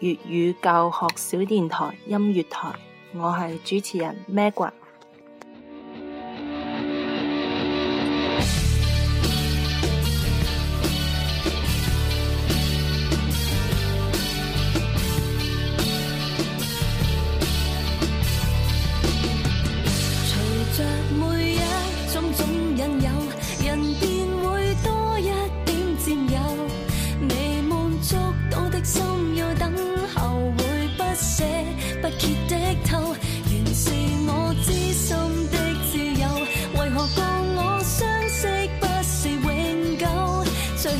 粵語教學小電台音樂台，我係主持人 Maggie。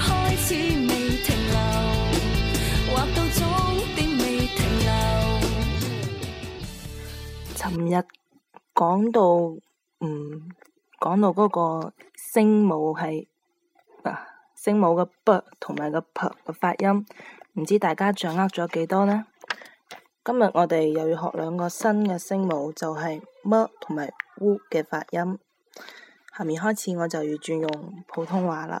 開始未停留，話到終點未停留。尋日講到嗯，講到嗰個聲母係嗱、啊、聲母嘅不同埋個拍嘅發音，唔知大家掌握咗幾多呢？今日我哋又要學兩個新嘅聲母，就係乜同埋烏嘅發音。下面開始我就要轉用普通話啦。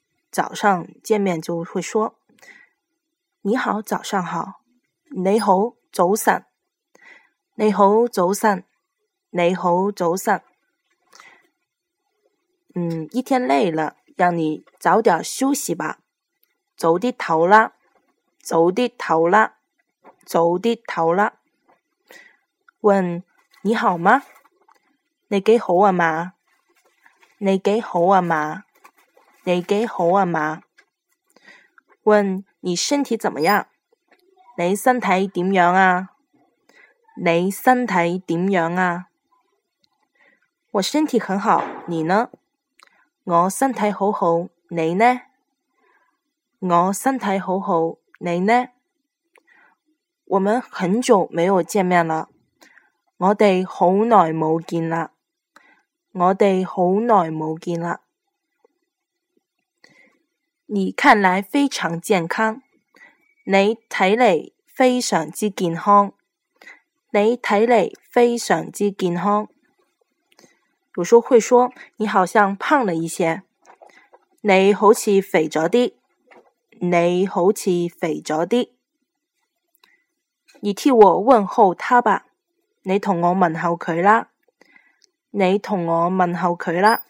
早上見面就會說：“你好，早上好。你好”，你好早晨，你好早晨，你好早晨。嗯，一天累了，讓你早點休息吧。早啲唞啦，早啲唞啦，早啲唞啦。問你好嗎？你幾好啊嘛？你幾好啊嘛？你幾好啊嘛？問你身體怎麼樣？你身體點樣啊？你身體點樣啊？我身體很好，你呢？我身體好好，你呢？我身體好好，你呢？我們很久沒有見面了。我哋好耐冇見啦。我哋好耐冇見啦。我你看來非常健康，你睇嚟非常之健康，你睇嚟非常之健康。有時候會說你好像胖了一些，你好似肥咗啲，你好似肥咗啲。你替我問候他吧，你同我問候佢啦，你同我問候佢啦。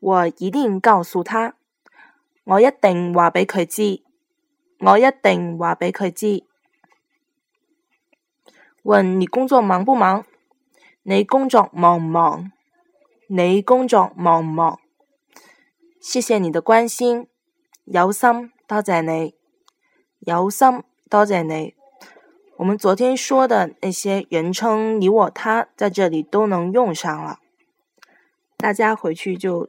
我一定告訴他。我一定話畀佢知，我一定話畀佢知。問你工作忙不忙？你工作忙唔忙？你工作忙唔忙？謝謝你的關心，有心多謝你，有心多謝你。我們昨天說的那些人稱你、我、他，在這裏都能用上了，大家回去就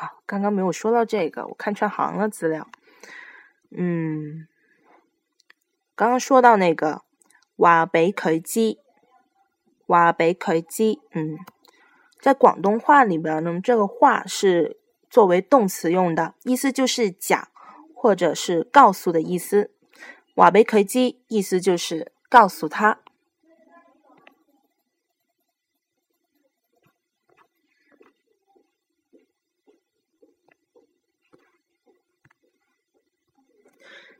啊，剛剛沒有說到這個，我看串行了資料。嗯，剛剛說到那個“話俾佢知”，話俾佢知，嗯，在廣東話裏邊呢，這個“話”是作為動詞用的，意思就是講或者是告訴的意思。話俾佢知意思就是告訴他。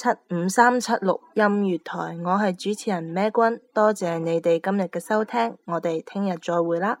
七五三七六音樂台，我係主持人咩君，多謝你哋今日嘅收聽，我哋聽日再會啦。